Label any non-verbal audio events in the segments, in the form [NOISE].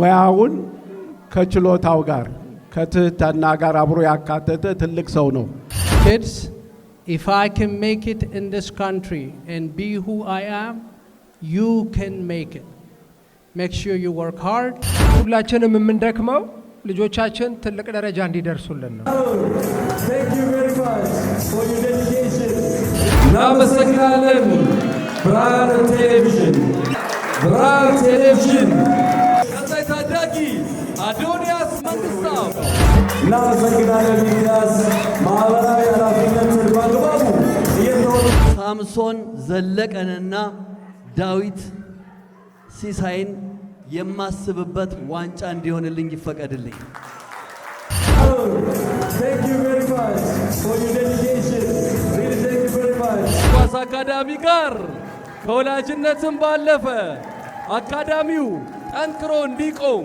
ሙያውን ከችሎታው ጋር ከትህትና ጋር አብሮ ያካተተ ትልቅ ሰው ነው። ኪድስ ኢፍ አይ ካን ሜክ ኢት ኢን ዲስ ካንትሪ ኤንድ ቢ ሁ አይ አም ዩ ካን ሜክ ኢት ሜክ ሹር ዩ ወርክ ሃርድ። ሁላችንም የምንደክመው ልጆቻችን ትልቅ ደረጃ እንዲደርሱልን ነው። እናመሰግናለን ብርሃን ቴሌቪዥን ብርሃን ቴሌቪዥን አዶንያስ መንግስታው እናመሰግናለን። ሚዲያስ ማህበራዊ ኃላፊነትን በአግባቡ ሳምሶን ዘለቀንና ዳዊት ሲሳይን የማስብበት ዋንጫ እንዲሆንልኝ ይፈቀድልኝ። ኳስ አካዳሚ ጋር ከወላጅነትም ባለፈ አካዳሚው ጠንክሮ እንዲቆም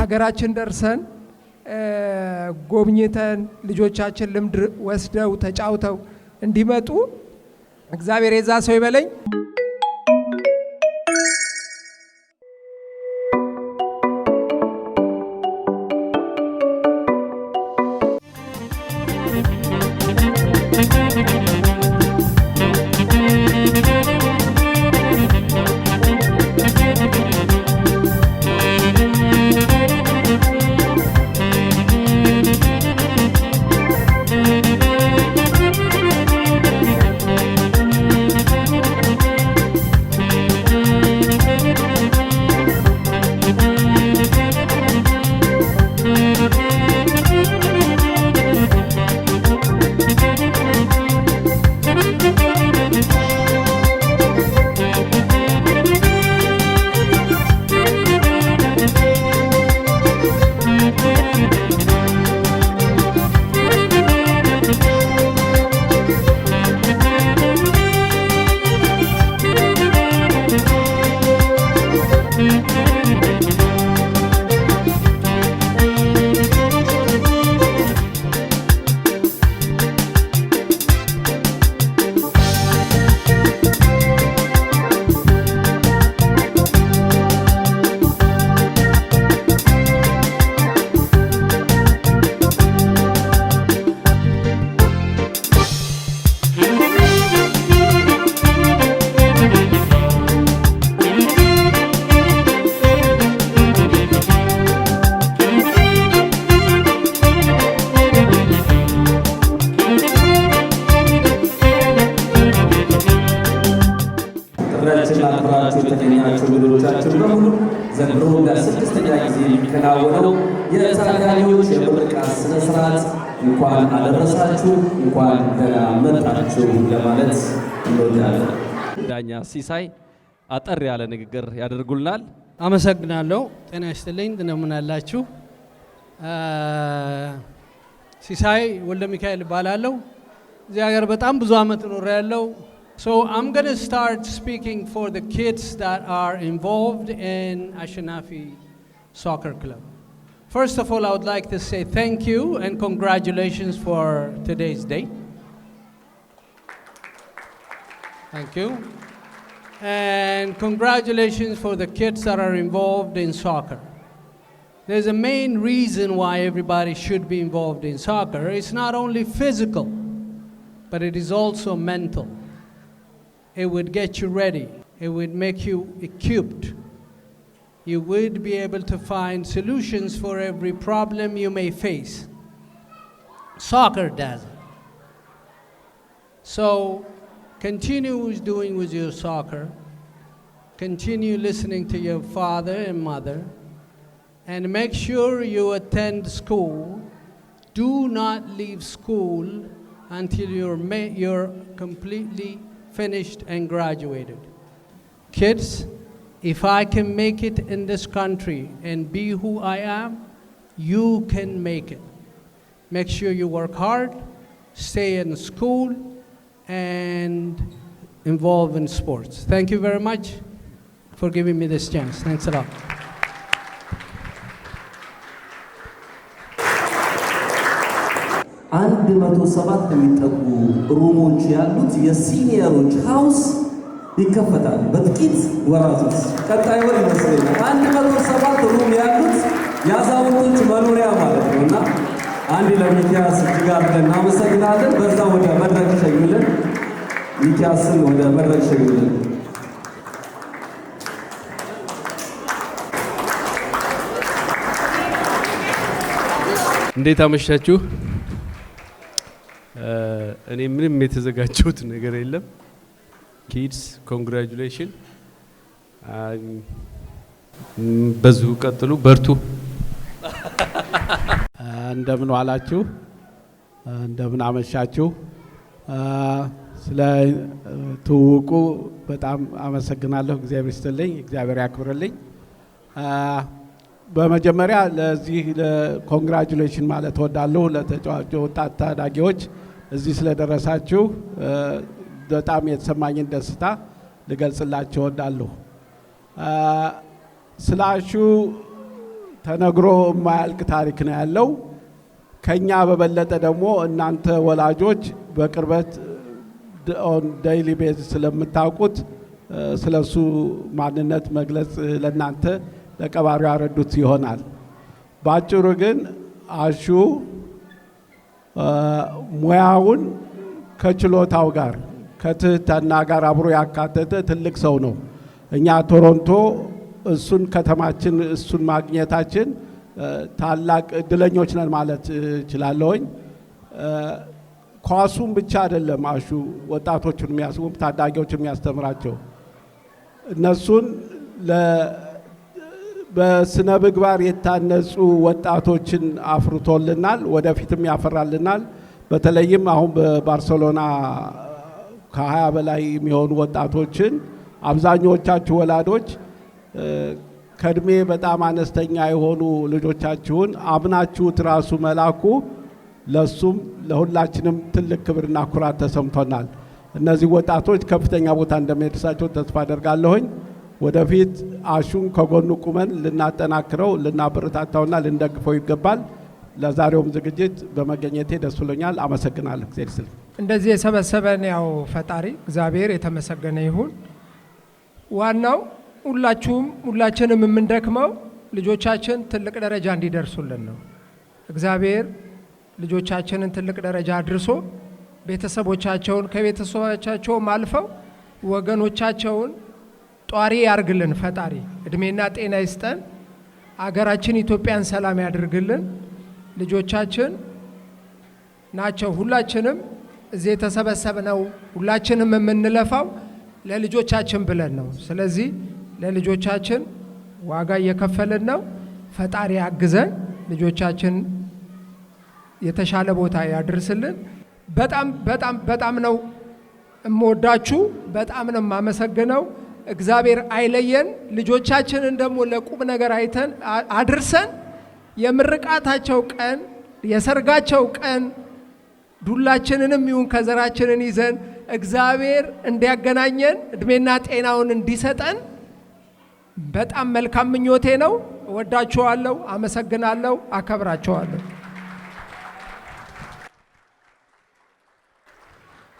ሀገራችን ደርሰን ጎብኝተን ልጆቻችን ልምድ ወስደው ተጫውተው እንዲመጡ እግዚአብሔር የዛ ሰው ይበለኝ። አክብራችንና አክብራችሁ የተገኛችሁ እንግዶቻችን በሙሉ ዘንድሮ ለስድስተኛ ጊዜ የሚከናወነው የታዳሚዎች የምርቃት ሥነ ሥርዓት እንኳን አደረሳችሁ እንኳን ደህና መጣችሁ ለማለት እንወዳለን። ዳኛ ሲሳይ አጠር ያለ ንግግር ያደርጉልናል። አመሰግናለሁ። ጤና ይስጥልኝ። እንደምን አላችሁ? ሲሳይ ወልደ ሚካኤል እባላለሁ። እዚህ ሀገር በጣም ብዙ ዓመት ኖሬያለሁ። So I'm going to start speaking for the kids that are involved in Ashinafi Soccer Club. First of all, I would like to say thank you and congratulations for today's date. Thank you. And congratulations for the kids that are involved in soccer. There's a main reason why everybody should be involved in soccer. It's not only physical, but it is also mental. It would get you ready. It would make you equipped. You would be able to find solutions for every problem you may face. Soccer does it. So continue doing with your soccer. Continue listening to your father and mother. And make sure you attend school. Do not leave school until you're, ma- you're completely finished, and graduated. Kids, if I can make it in this country and be who I am, you can make it. Make sure you work hard, stay in school, and involve in sports. Thank you very much for giving me this chance. Thanks a lot. አንድ መቶ ሰባት የሚጠጉ ሩሞች ያሉት የሲኒየሮች ሃውስ ይከፈታል። በጥቂት ወራት ውስጥ ቀጣይ ወር ይመስለኛል። አንድ መቶ ሰባት ሩም ያሉት የአዛውንቶች መኖሪያ ማለት ነው እና አንድ ለሚኪያስ እጅግ አድርገን እናመሰግናለን። በዛ ወደ መድረክ ሸኙልን፣ ሚኪያስን ወደ መድረክ ሸኙልን። እንዴት አመሻችሁ? እኔ ምንም የተዘጋጀሁት ነገር የለም። ኪድስ ኮንግራጁሌሽን። um, በዚሁ ቀጥሉ፣ በርቱ። [LAUGHS] uh, እንደምን ዋላችሁ፣ uh, እንደምን አመሻችሁ። uh, ስለ ትውውቁ በጣም አመሰግናለሁ። እግዚአብሔር ይስጥልኝ፣ እግዚአብሔር ያክብርልኝ። በመጀመሪያ ለዚህ ኮንግራጁሌሽን ማለት እወዳለሁ ለተጫዋቹ ወጣት ታዳጊዎች እዚህ ስለደረሳችሁ በጣም የተሰማኝን ደስታ ልገልጽላችሁ እወዳለሁ። ስለ አሹ ተነግሮ የማያልቅ ታሪክ ነው ያለው። ከኛ በበለጠ ደግሞ እናንተ ወላጆች በቅርበት ኦን ዴይሊ ቤዝ ስለምታውቁት ስለ እሱ ማንነት መግለጽ ለእናንተ ለቀባሪው ያረዱት ይሆናል። በአጭሩ ግን አሹ ሙያውን ከችሎታው ጋር ከትህትና ጋር አብሮ ያካተተ ትልቅ ሰው ነው። እኛ ቶሮንቶ እሱን ከተማችን እሱን ማግኘታችን ታላቅ እድለኞች ነን ማለት እችላለሁኝ። ኳሱም ብቻ አይደለም አሹ ወጣቶቹን የሚያስቡም ታዳጊዎች የሚያስተምራቸው እነሱን በስነ ምግባር የታነጹ ወጣቶችን አፍርቶልናል፣ ወደፊትም ያፈራልናል። በተለይም አሁን በባርሰሎና ከሀያ በላይ የሚሆኑ ወጣቶችን አብዛኞቻችሁ ወላዶች ከእድሜ በጣም አነስተኛ የሆኑ ልጆቻችሁን አምናችሁት ራሱ መላኩ ለሱም ለሁላችንም ትልቅ ክብርና ኩራት ተሰምቶናል። እነዚህ ወጣቶች ከፍተኛ ቦታ እንደሚያደርሳቸው ተስፋ አደርጋለሁኝ። ወደፊት አሹን ከጎኑ ቁመን ልናጠናክረው ልናበረታታውና ልንደግፈው ይገባል። ለዛሬውም ዝግጅት በመገኘቴ ደስ ብሎኛል። አመሰግናለሁ። ጊዜ ስል እንደዚህ የሰበሰበን ያው ፈጣሪ እግዚአብሔር የተመሰገነ ይሁን። ዋናው ሁላችሁም ሁላችንም የምንደክመው ልጆቻችን ትልቅ ደረጃ እንዲደርሱልን ነው። እግዚአብሔር ልጆቻችንን ትልቅ ደረጃ አድርሶ ቤተሰቦቻቸውን ከቤተሰቦቻቸውም አልፈው ወገኖቻቸውን ጧሪ ያርግልን ፈጣሪ፣ እድሜና ጤና ይስጠን። አገራችን ኢትዮጵያን ሰላም ያድርግልን። ልጆቻችን ናቸው። ሁላችንም እዚህ የተሰበሰብነው ሁላችንም የምንለፋው ለልጆቻችን ብለን ነው። ስለዚህ ለልጆቻችን ዋጋ እየከፈልን ነው። ፈጣሪ አግዘን ልጆቻችን የተሻለ ቦታ ያድርስልን። በጣም በጣም በጣም ነው እምወዳችሁ። በጣም ነው የማመሰግነው። እግዚአብሔር አይለየን። ልጆቻችንን ደግሞ ለቁም ነገር አይተን አድርሰን የምርቃታቸው ቀን የሰርጋቸው ቀን ዱላችንንም ይሁን ከዘራችንን ይዘን እግዚአብሔር እንዲያገናኘን እድሜና ጤናውን እንዲሰጠን በጣም መልካም ምኞቴ ነው። እወዳችኋለሁ፣ አመሰግናለሁ፣ አከብራችኋለሁ።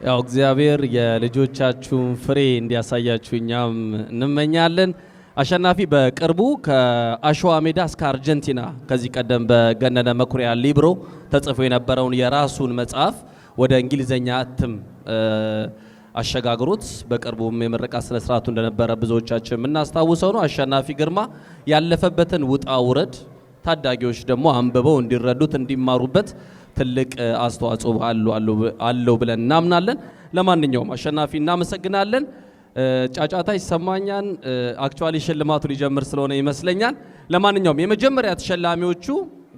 ያው እግዚአብሔር የልጆቻችሁን ፍሬ እንዲያሳያችሁ እኛም እንመኛለን። አሸናፊ በቅርቡ ከአሸዋ ሜዳ እስከ አርጀንቲና ከዚህ ቀደም በገነነ መኩሪያ ሊብሮ ተጽፎ የነበረውን የራሱን መጽሐፍ ወደ እንግሊዘኛ እትም አሸጋግሮት በቅርቡም የምረቃ ስነ ስርዓቱ እንደነበረ ብዙዎቻችን የምናስታውሰው ነው። አሸናፊ ግርማ ያለፈበትን ውጣ ውረድ ታዳጊዎች ደግሞ አንብበው እንዲረዱት እንዲማሩበት ትልቅ አስተዋጽኦ አለው ብለን እናምናለን። ለማንኛውም አሸናፊ እናመሰግናለን። ጫጫታ ይሰማኛል። አክቹዋሊ ሽልማቱ ሊጀምር ስለሆነ ይመስለኛል። ለማንኛውም የመጀመሪያ ተሸላሚዎቹ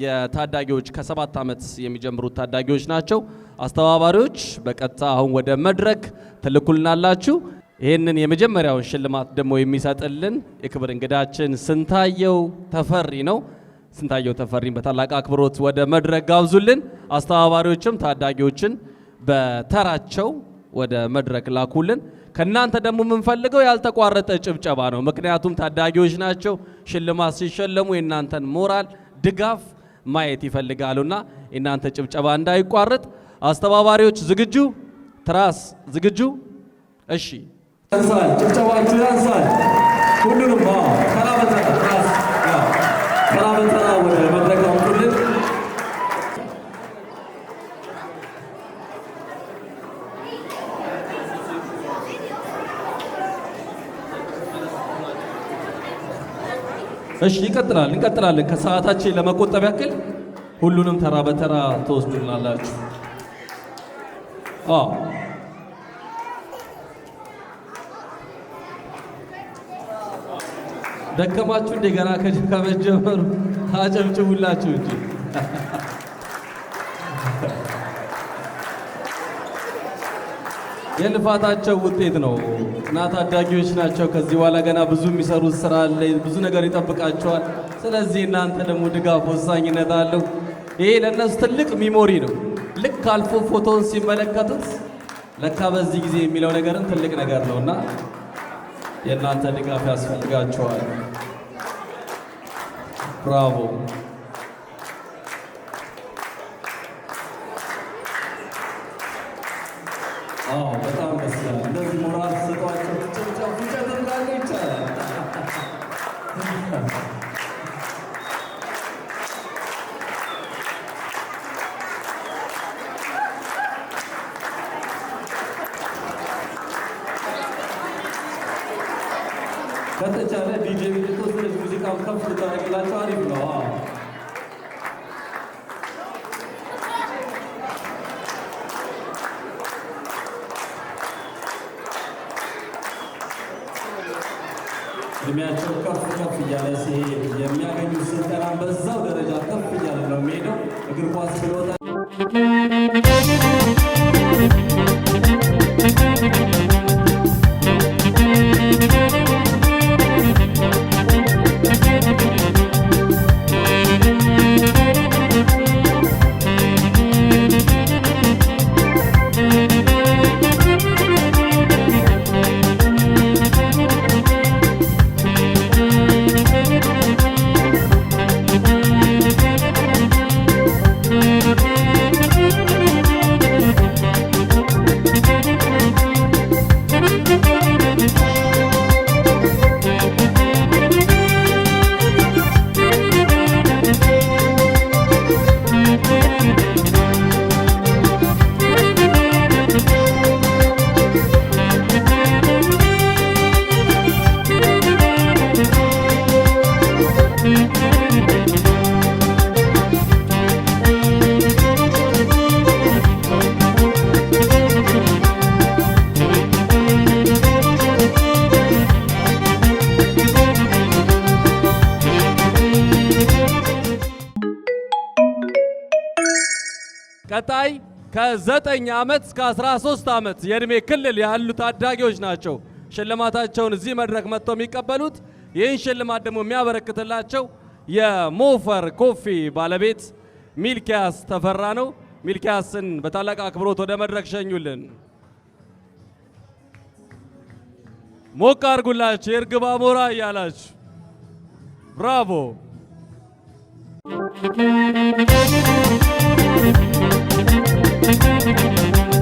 የታዳጊዎች ከሰባት ዓመት የሚጀምሩት ታዳጊዎች ናቸው። አስተባባሪዎች በቀጥታ አሁን ወደ መድረክ ትልኩልናላችሁ። ይህንን የመጀመሪያውን ሽልማት ደግሞ የሚሰጥልን የክብር እንግዳችን ስንታየው ተፈሪ ነው። ስንታየው ተፈሪን በታላቅ አክብሮት ወደ መድረክ ጋብዙልን። አስተባባሪዎችም ታዳጊዎችን በተራቸው ወደ መድረክ ላኩልን። ከእናንተ ደግሞ የምንፈልገው ያልተቋረጠ ጭብጨባ ነው። ምክንያቱም ታዳጊዎች ናቸው። ሽልማት ሲሸለሙ የእናንተን ሞራል ድጋፍ ማየት ይፈልጋሉና የእናንተ ጭብጨባ እንዳይቋረጥ። አስተባባሪዎች ዝግጁ? ትራስ ዝግጁ? እሺ፣ ጭብጨባ ሁሉንም ተራ በተራ ወደ መድረክ አምጡልን። እሺ ይቀጥላል፣ እንቀጥላለን። ከሰዓታችን ለመቆጠብ ያክል ሁሉንም ተራ በተራ ትወስዱልናላችሁ። አዎ ደከማችሁ እንደገና ከመጀመሩ አጨብጭቡላችሁ እንጂ የልፋታቸው ውጤት ነው እና ታዳጊዎች ናቸው። ከዚህ በኋላ ገና ብዙ የሚሰሩት ስራ አለ፣ ብዙ ነገር ይጠብቃቸዋል። ስለዚህ እናንተ ደግሞ ድጋፍ ወሳኝነት አለው። ይሄ ለእነሱ ትልቅ ሚሞሪ ነው። ልክ አልፎ ፎቶን ሲመለከቱት ለካ በዚህ ጊዜ የሚለው ነገርን ትልቅ ነገር ነው እና የእናንተ ድጋፍ ያስፈልጋቸዋል። ብራቮ! አዎ በጣም ከፍ ልታደርግላቸው አሪፍ ነው። እድሜያቸው ከፍ ከፍ እያለ ሲሄድ የሚያገኙት ስልጠና በዛው ደረጃ ከፍ እያለ ነው የሚሄደው። እግር ኳስ ስለወጣ ዓመት እስከ 13 ዓመት የእድሜ ክልል ያሉ ታዳጊዎች ናቸው ሽልማታቸውን እዚህ መድረክ መጥተው የሚቀበሉት። ይህን ሽልማት ደግሞ የሚያበረክትላቸው የሞፈር ኮፊ ባለቤት ሚልኪያስ ተፈራ ነው። ሚልኪያስን በታላቅ አክብሮት ወደ መድረክ ሸኙልን። ሞቅ አድርጉላችሁ የእርግብ አሞራ እያላችሁ ብራቮ Thank you.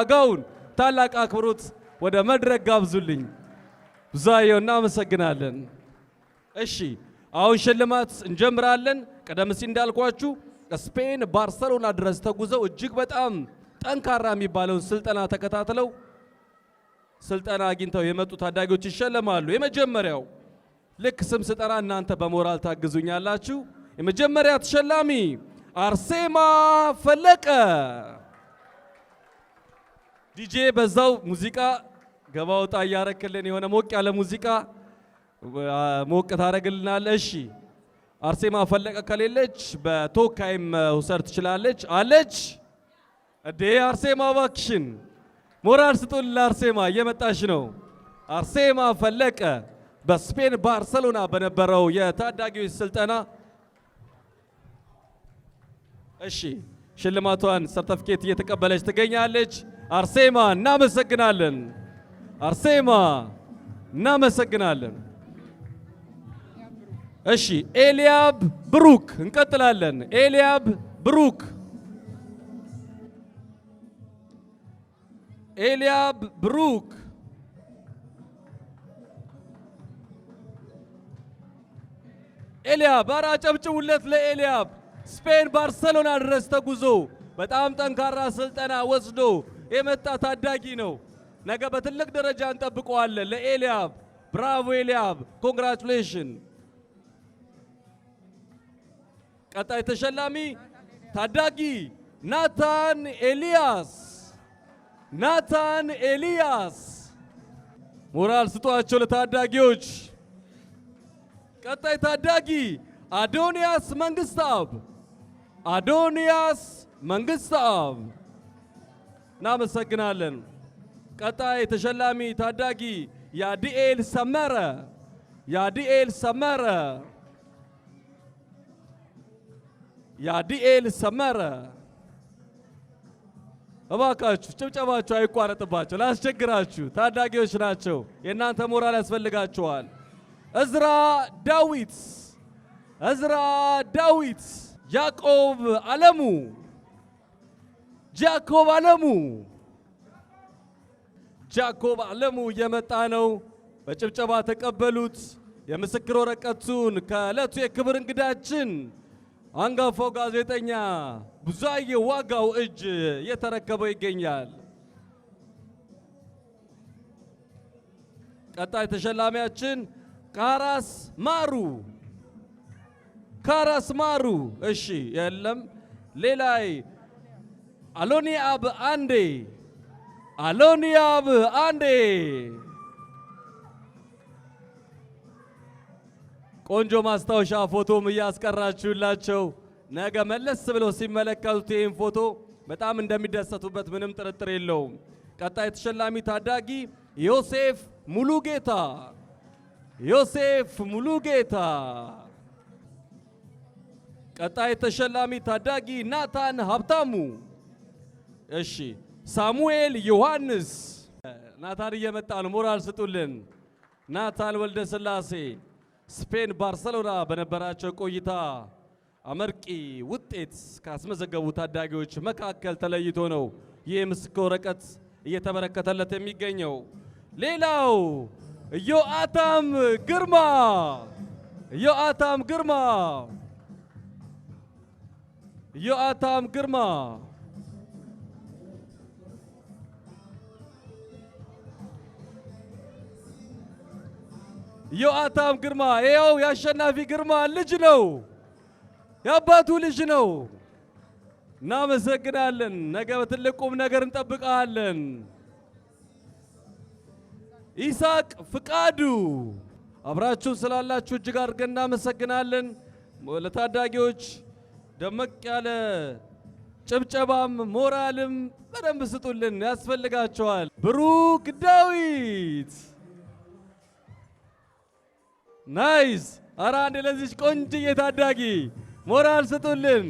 ዋጋውን ታላቅ አክብሮት ወደ መድረክ ጋብዙልኝ። ብዙአየሁ እናመሰግናለን። እሺ አሁን ሽልማት እንጀምራለን። ቀደም ሲል እንዳልኳችሁ ስፔን ባርሰሎና ድረስ ተጉዘው እጅግ በጣም ጠንካራ የሚባለውን ስልጠና ተከታትለው ስልጠና አግኝተው የመጡ ታዳጊዎች ይሸለማሉ። የመጀመሪያው ልክ ስም ስጠራ እናንተ በሞራል ታግዙኛላችሁ። የመጀመሪያ ተሸላሚ አርሴማ ፈለቀ ዲጄ በዛው ሙዚቃ ገባ ወጣ እያረክልን የሆነ ሞቅ ያለ ሙዚቃ ሞቅ ታረግልናል። እሺ አርሴማ ፈለቀ ከሌለች በቶካይም ውሰድ ትችላለች። አለች እዴ አርሴማ እባክሽን ሞራል ስጡን ለአርሴማ እየመጣች ነው። አርሴማ ፈለቀ በስፔን ባርሰሎና በነበረው የታዳጊዎች ስልጠና እሺ ሽልማቷን ሰርተፍኬት እየተቀበለች ትገኛለች። አርሴማ እናመሰግናለን። አርሴማ እናመሰግናለን። እሺ ኤልያብ ብሩክ እንቀጥላለን። ኤልያብ ብሩክ ኤልያብ ብሩክ ኤልያብ ኧረ አጨብጭቡለት ለኤልያብ ስፔን ባርሰሎና ድረስ ተጉዞ በጣም ጠንካራ ስልጠና ወስዶ የመጣ ታዳጊ ነው። ነገ በትልቅ ደረጃ እንጠብቀዋለን። ለኤልያብ ብራቮ ኤልያብ፣ ኮንግራቹሌሽን። ቀጣይ ተሸላሚ ታዳጊ ናታን ኤልያስ። ናታን ኤልያስ፣ ሞራል ስጧቸው ለታዳጊዎች። ቀጣይ ታዳጊ አዶንያስ መንግስታብ፣ አዶንያስ መንግስታብ። እናመሰግናለን። ቀጣይ ተሸላሚ ታዳጊ ያዲኤል ሰመረ ያዲኤል ሰመረ ያዲኤል ሰመረ። እባካችሁ ጭብጨባችሁ አይቋረጥባቸው፣ ላስቸግራችሁ ታዳጊዎች ናቸው። የእናንተ ሞራል ያስፈልጋችኋል። እዝራ ዳዊት እዝራ ዳዊት ያዕቆብ አለሙ ጃኮብ አለሙ ጃኮብ አለሙ እየመጣ ነው። በጭብጨባ ተቀበሉት። የምስክር ወረቀቱን ከእለቱ የክብር እንግዳችን አንጋፋው ጋዜጠኛ ብዙአየሁ ዋጋው እጅ እየተረከበው ይገኛል። ቀጣይ ተሸላሚያችን ካራስ ማሩ ካራስ ማሩ። እሺ የለም ሌላይ አሎኒያብ አንዴ አሎኒያብ አንዴ ቆንጆ ማስታወሻ ፎቶም እያስቀራችሁላቸው ነገ መለስ ብለው ሲመለከቱት ይህን ፎቶ በጣም እንደሚደሰቱበት ምንም ጥርጥር የለውም። ቀጣይ ተሸላሚ ታዳጊ ዮሴፍ ሙሉ ዮሴፍ ሙሉ ቀጣይ ተሸላሚ ታዳጊ ናታን ሀብታሙ እሺ ሳሙኤል ዮሐንስ ናታን እየመጣ ነው። ሞራል ስጡልን። ናታን ወልደ ስላሴ ስፔን ባርሰሎና በነበራቸው ቆይታ አመርቂ ውጤት ካስመዘገቡ ታዳጊዎች መካከል ተለይቶ ነው ይህ ምስክር ወረቀት እየተበረከተለት የሚገኘው። ሌላው ዮአታም ግርማ ዮአታም ግርማ ዮአታም ግርማ ዮአታም ግርማ ይኸው የአሸናፊ ግርማ ልጅ ነው፣ የአባቱ ልጅ ነው። እናመሰግናለን። ነገ በትልቅ ቁም ነገር እንጠብቃለን። ኢሳቅ ፍቃዱ አብራችሁን ስላላችሁ እጅግ አድርገን እናመሰግናለን። ለታዳጊዎች ደመቅ ያለ ጭብጨባም ሞራልም በደንብ ስጡልን፣ ያስፈልጋቸዋል። ብሩክ ዳዊት ናይስ! ኧረ አንድ ለዚች ቆንጅዬ ታዳጊ ሞራል ስጡልን።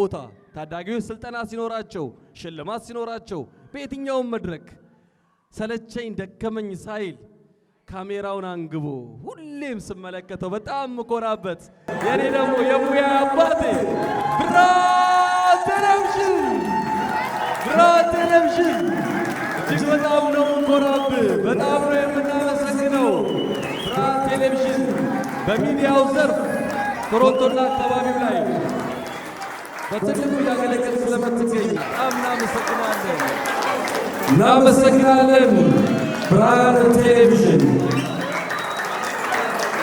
ቦታ ታዳጊዎች ስልጠና ሲኖራቸው፣ ሽልማት ሲኖራቸው፣ በየትኛውም መድረክ ሰለቸኝ ደከመኝ ሳይል ካሜራውን አንግቦ ሁሌም ስመለከተው በጣም ምኮራበት የኔ ደግሞ የሙያ አባቴ ብስራት ቴሌቪዥን ብስራት ቴሌቪዥን እጅግ በጣም ነው ምኮራብ በጣም ነው የምናመሰግነው። ብስራት ቴሌቪዥን በሚዲያው ዘርፍ ቶሮንቶና አካባቢው ላይ በትልቁ እያገለገል ስለምትገኝ በጣም እናመሰግናለን፣ እናመሰግናለን። ብርሃን ቴሌቪዥን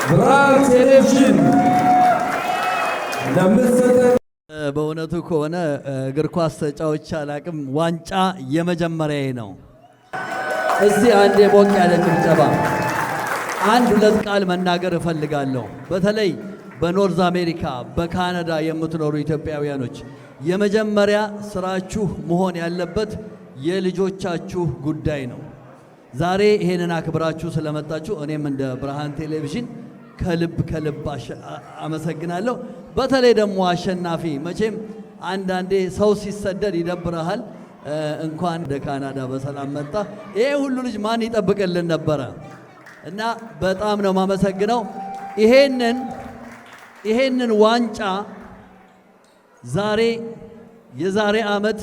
ብርሃን ቴሌቪዥን ለምትሰጠን በእውነቱ ከሆነ እግር ኳስ ተጫዎች አላቅም፣ ዋንጫ የመጀመሪያ ነው። እስቲ አንድ የሞቅ ያለ ጭብጨባ፣ አንድ ሁለት ቃል መናገር እፈልጋለሁ በተለይ በኖርዝ አሜሪካ በካናዳ የምትኖሩ ኢትዮጵያውያኖች የመጀመሪያ ስራችሁ መሆን ያለበት የልጆቻችሁ ጉዳይ ነው። ዛሬ ይሄንን አክብራችሁ ስለመጣችሁ እኔም እንደ ብርሃን ቴሌቪዥን ከልብ ከልብ አመሰግናለሁ። በተለይ ደግሞ አሸናፊ፣ መቼም አንዳንዴ ሰው ሲሰደድ ይደብረሃል። እንኳን ወደ ካናዳ በሰላም መጣ። ይሄ ሁሉ ልጅ ማን ይጠብቅልን ነበረ? እና በጣም ነው የማመሰግነው ይሄንን ይሄንን ዋንጫ ዛሬ የዛሬ ዓመት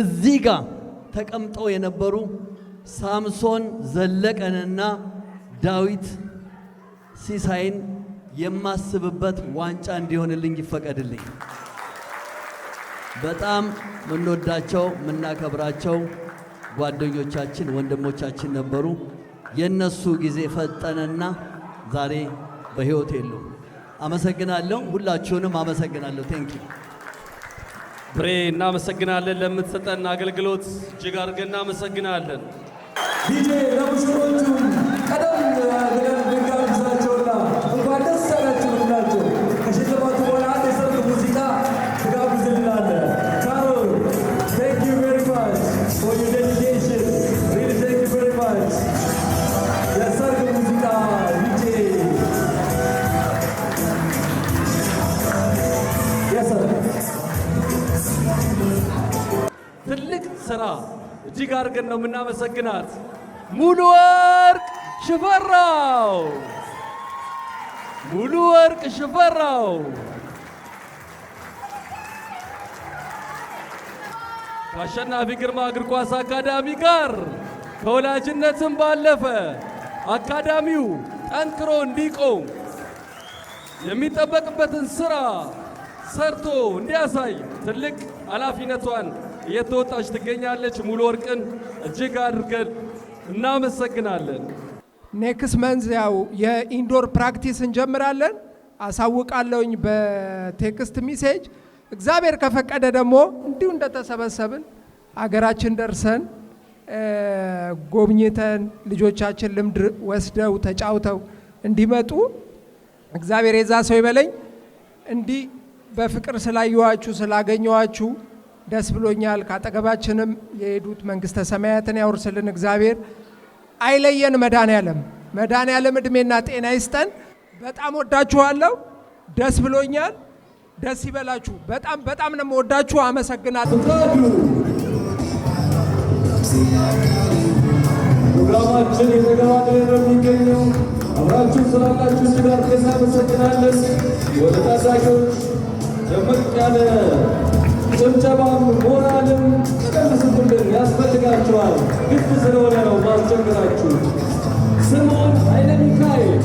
እዚህ ጋር ተቀምጠው የነበሩ ሳምሶን ዘለቀንና ዳዊት ሲሳይን የማስብበት ዋንጫ እንዲሆንልኝ ይፈቀድልኝ። በጣም የምንወዳቸው የምናከብራቸው ጓደኞቻችን ወንድሞቻችን ነበሩ። የነሱ ጊዜ ፈጠነና ዛሬ በሕይወት የሉም። አመሰግናለሁ። ሁላችሁንም አመሰግናለሁ። ቴንኪ ብሬ። እናመሰግናለን ለምትሰጠን አገልግሎት እጅግ አድርገን እናመሰግናለን። ዲጄ ለሙሽሮቹ ቀደም ብለን ስራ እጅግ አድርገን ነው የምናመሰግናት። ሙሉ ወርቅ ሽፈራው ሙሉ ወርቅ ሽፈራው ከአሸናፊ ግርማ እግር ኳስ አካዳሚ ጋር ከወላጅነትም ባለፈ አካዳሚው ጠንክሮ እንዲቆም የሚጠበቅበትን ስራ ሰርቶ እንዲያሳይ ትልቅ ኃላፊነቷን እየተወጣች ትገኛለች። ሙሉ ወርቅን እጅግ አድርገን እናመሰግናለን። ኔክስ መንዝ ያው የኢንዶር ፕራክቲስ እንጀምራለን። አሳውቃለሁኝ በቴክስት ሚሴጅ። እግዚአብሔር ከፈቀደ ደግሞ እንዲሁ እንደተሰበሰብን አገራችን ደርሰን ጎብኝተን ልጆቻችን ልምድ ወስደው ተጫውተው እንዲመጡ እግዚአብሔር የዛ ሰው ይበለኝ። እንዲህ በፍቅር ስላየኋችሁ ስላገኘኋችሁ ደስ ብሎኛል። ከአጠገባችንም የሄዱት መንግስተ ሰማያትን ያውርስልን እግዚአብሔር አይለየን። መድኃኔዓለም መድኃኔዓለም እድሜና ጤና ይስጠን። በጣም ወዳችኋለሁ። ደስ ብሎኛል። ደስ ይበላችሁ። በጣም በጣም ነው የምወዳችሁ። አመሰግናለሁ። አብራችሁ ስላላችሁ ወደ ታዳጊዎች ደመቅ ያለ ጭብጨባም ሞራልም ቀምስብልን ያስፈልጋችኋል። ግድ ስለሆነ ነው ማስቸግራችሁ። ስምዖን ኃይለ ሚካኤል፣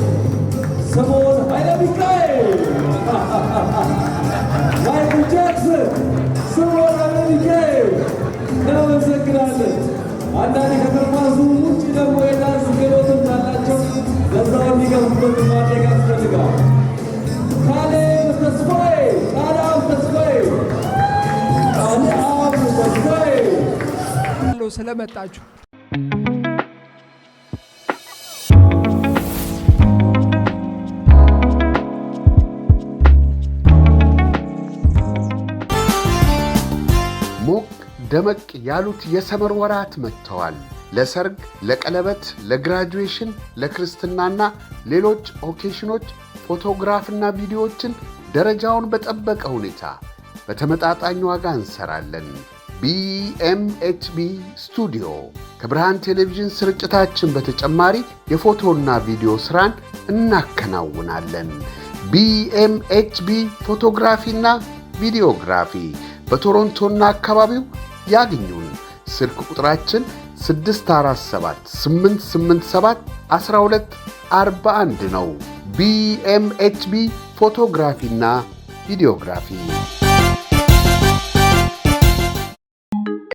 ስምዖን ኃይለ ሚካኤል፣ ማይክል ጃክሰን፣ ስምዖን ኃይለ ሚካኤል እናመሰግናለን። አንዳንድ ከተማ ዙም ውጭ ደግሞ የዳንስ ገሎትም ካላቸው ለዛ የሚገቡበት ማድረግ ያስፈልጋል። ካሌብ ተስፋዬ፣ ጣዳም ተስፋዬ ስለመጣችሁ ሞቅ ደመቅ ያሉት የሰመር ወራት መጥተዋል። ለሰርግ፣ ለቀለበት፣ ለግራጁዌሽን፣ ለክርስትናና ሌሎች ኦኬሽኖች ፎቶግራፍና ቪዲዮዎችን ደረጃውን በጠበቀ ሁኔታ በተመጣጣኝ ዋጋ እንሰራለን። ቢኤምኤችቢ ስቱዲዮ ከብርሃን ቴሌቪዥን ስርጭታችን በተጨማሪ የፎቶና ቪዲዮ ስራን እናከናውናለን። ቢኤምኤችቢ ፎቶግራፊና ቪዲዮግራፊ በቶሮንቶና አካባቢው ያግኙን። ስልክ ቁጥራችን 647 ነው። ቢኤምኤችቢ ፎቶግራፊና ቪዲዮግራፊ